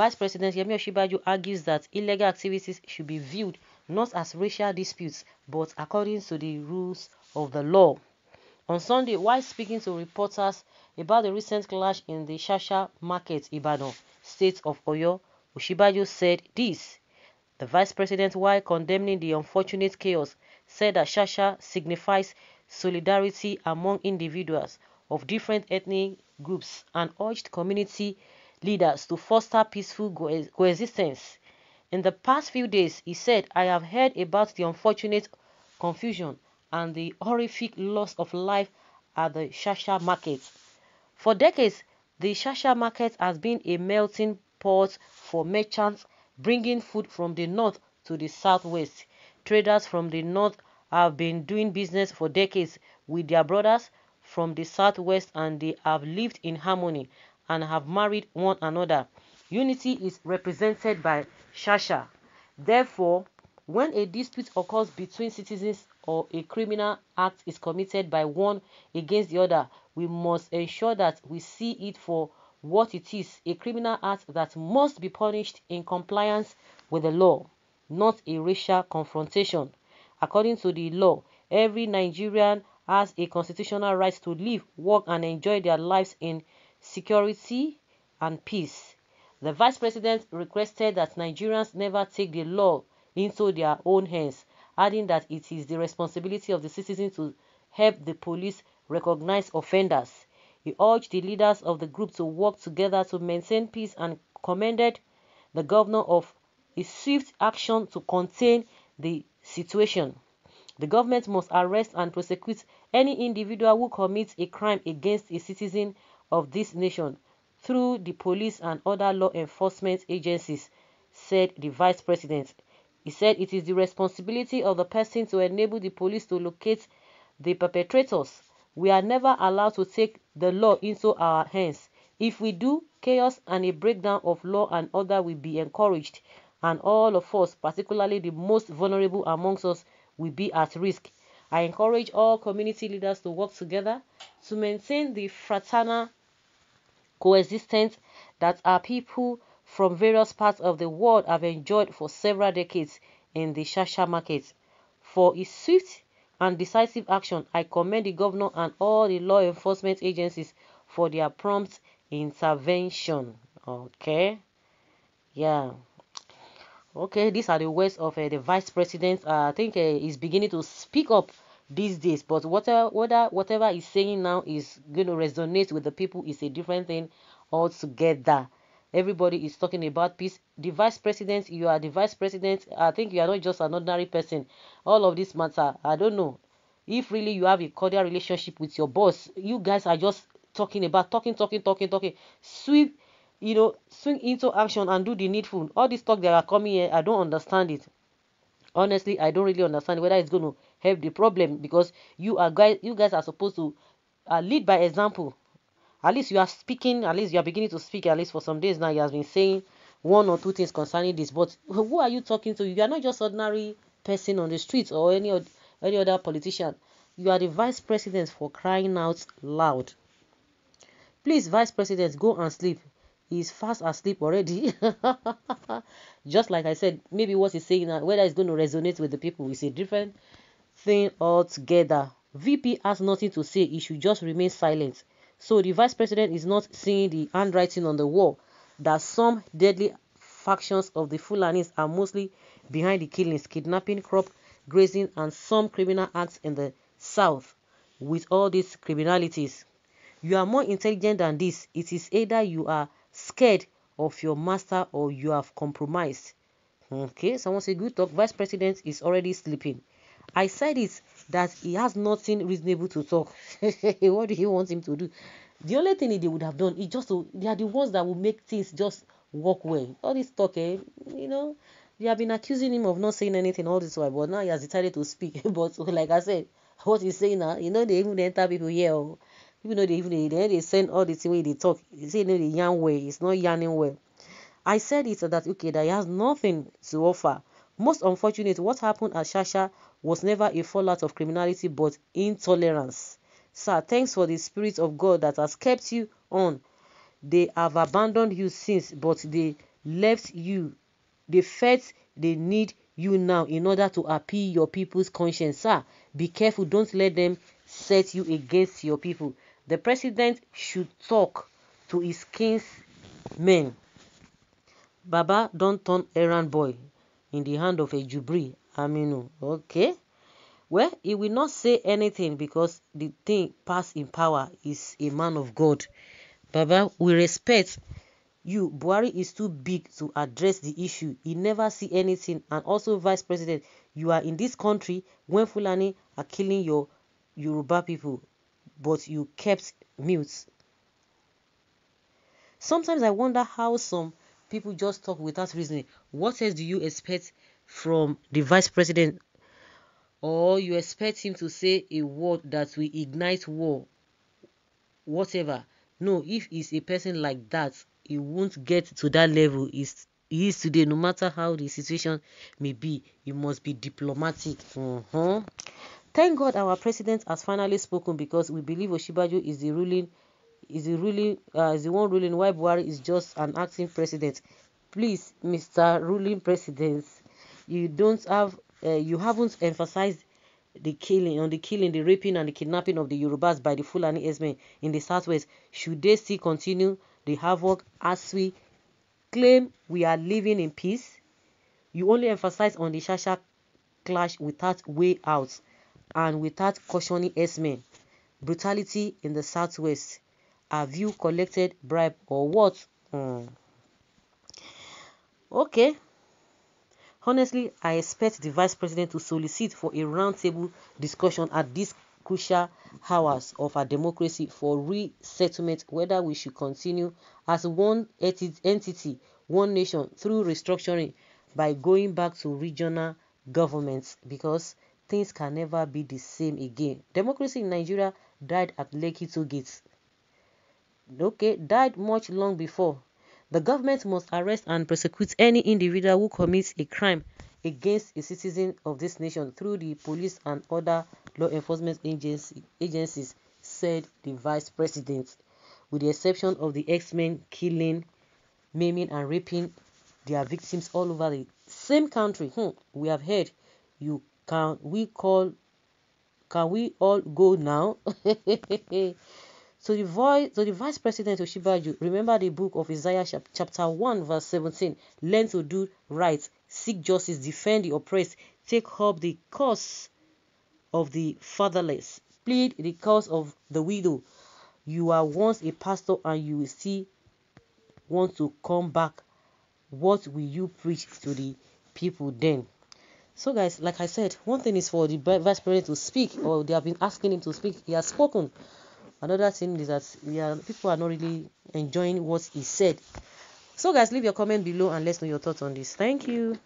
Vice President Yemi Oshibaju argues that illegal activities should be viewed not as racial disputes but according to the rules of the law. On Sunday, while speaking to reporters about the recent clash in the Shasha market, Ibadan, state of Oyo, Oshibaju said this. The vice president, while condemning the unfortunate chaos, said that Shasha signifies solidarity among individuals of different ethnic groups and urged community leaders to foster peaceful co coexistence. In the past few days, he said, I have heard about the unfortunate confusion and the horrific loss of life at the Shasha market. For decades, the Shasha market has been a melting pot for merchants bringing food from the north to the southwest. Traders from the north have been doing business for decades with their brothers from the southwest and they have lived in harmony and have married one another. Unity is represented by Shasha. Therefore, when a dispute occurs between citizens or a criminal act is committed by one against the other, we must ensure that we see it for what it is a criminal act that must be punished in compliance with the law, not a racial confrontation. According to the law, every Nigerian has a constitutional right to live, work, and enjoy their lives in security, and peace. The vice president requested that Nigerians never take the law into their own hands, adding that it is the responsibility of the citizens to help the police recognize offenders. He urged the leaders of the group to work together to maintain peace and commended the governor of a swift action to contain the situation. The government must arrest and prosecute any individual who commits a crime against a citizen of this nation through the police and other law enforcement agencies, said the vice president. He said it is the responsibility of the person to enable the police to locate the perpetrators. We are never allowed to take the law into our hands. If we do, chaos and a breakdown of law and order will be encouraged, and all of us, particularly the most vulnerable amongst us, will be at risk. I encourage all community leaders to work together to maintain the fraternal coexistence that our people from various parts of the world have enjoyed for several decades in the Shasha market. For his swift and decisive action, I commend the governor and all the law enforcement agencies for their prompt intervention. Okay, yeah. Okay, these are the words of uh, the vice president. Uh, I think uh, he's beginning to speak up these days. But whatever whether whatever he's saying now is going to resonate with the people is a different thing altogether. Everybody is talking about peace. The vice president, you are the vice president. I think you are not just an ordinary person. All of this matter, I don't know. If really you have a cordial relationship with your boss, you guys are just talking about talking, talking, talking, talking. Sweep, you know, swing into action and do the needful. All this talk that are coming here, I don't understand it honestly i don't really understand whether it's going to have the problem because you are guys you guys are supposed to uh, lead by example at least you are speaking at least you are beginning to speak at least for some days now you have been saying one or two things concerning this but who are you talking to you are not just ordinary person on the streets or any or any other politician you are the vice president for crying out loud please vice president go and sleep he's fast asleep already. Just like I said, maybe what he's saying, uh, whether it's going to resonate with the people is a different thing altogether. VP has nothing to say. He should just remain silent. So the vice president is not seeing the handwriting on the wall that some deadly factions of the Fulanis are mostly behind the killings, kidnapping, crop grazing, and some criminal acts in the south. With all these criminalities, you are more intelligent than this. It is either you are scared of your master or you have compromised. Okay, someone say good talk. Vice president is already sleeping. I said it that he has nothing reasonable to talk. what do you want him to do? The only thing they would have done is just to, they are the ones that will make things just work well. All this talk, eh, you know, they have been accusing him of not saying anything all this while, but now he has decided to speak. but like I said, what he's saying now, you know, they even enter people here. Oh, people know they even they, they send all the way they talk. You see, you know, the young way, it's not yarning well. I said it that okay, that he has nothing to offer. Most unfortunate, what happened at Shasha was never a fallout of criminality but intolerance. Sir, thanks for the Spirit of God that has kept you on. They have abandoned you since, but they left you. They felt they need you now in order to appease your people's conscience. Sir, be careful. Don't let them set you against your people. The president should talk to his king's men. Baba don't turn errand boy in the hand of a Jubri Aminu. Okay. Well, he will not say anything because the thing passed in power is a man of God. Baba, we respect you. Buhari is too big to address the issue. He never see anything. And also, Vice President, you are in this country when Fulani are killing your Yoruba people, but you kept mute. Sometimes I wonder how some people just talk without reasoning. What else do you expect from the vice president or you expect him to say a word that will ignite war whatever no if he's a person like that he won't get to that level he's he is today no matter how the situation may be he must be diplomatic uh -huh. thank god our president has finally spoken because we believe Oshibajo is the ruling is the ruling uh, is the one ruling why buhari is just an acting president please mr ruling president you don't have uh, you haven't emphasized the killing on the killing the raping and the kidnapping of the yorubas by the fulani Esme in the southwest should they see continue the havoc as we claim we are living in peace you only emphasize on the shasha clash without way out and without cautioning Esme brutality in the southwest have you collected bribe or what mm. okay Honestly, I expect the Vice President to solicit for a roundtable discussion at these crucial hours of our democracy for resettlement whether we should continue as one entity, one nation through restructuring by going back to regional governments because things can never be the same again. Democracy in Nigeria died at Lake two gates. Okay, died much long before the government must arrest and prosecute any individual who commits a crime against a citizen of this nation through the police and other law enforcement agency, agencies, said the vice president. With the exception of the X Men killing, maiming, and raping their victims all over the same country, hmm, we have heard you can we call can we all go now? So the, voice, so the Vice President Oshibaju, remember the book of Isaiah chapter 1 verse 17, learn to do right, seek justice, defend the oppressed, take up the cause of the fatherless, plead the cause of the widow. You are once a pastor and you will see want to come back. What will you preach to the people then? So, guys, like I said, one thing is for the vice president to speak, or they have been asking him to speak. He has spoken another thing is that we are people are not really enjoying what he said so guys leave your comment below and let's know your thoughts on this thank you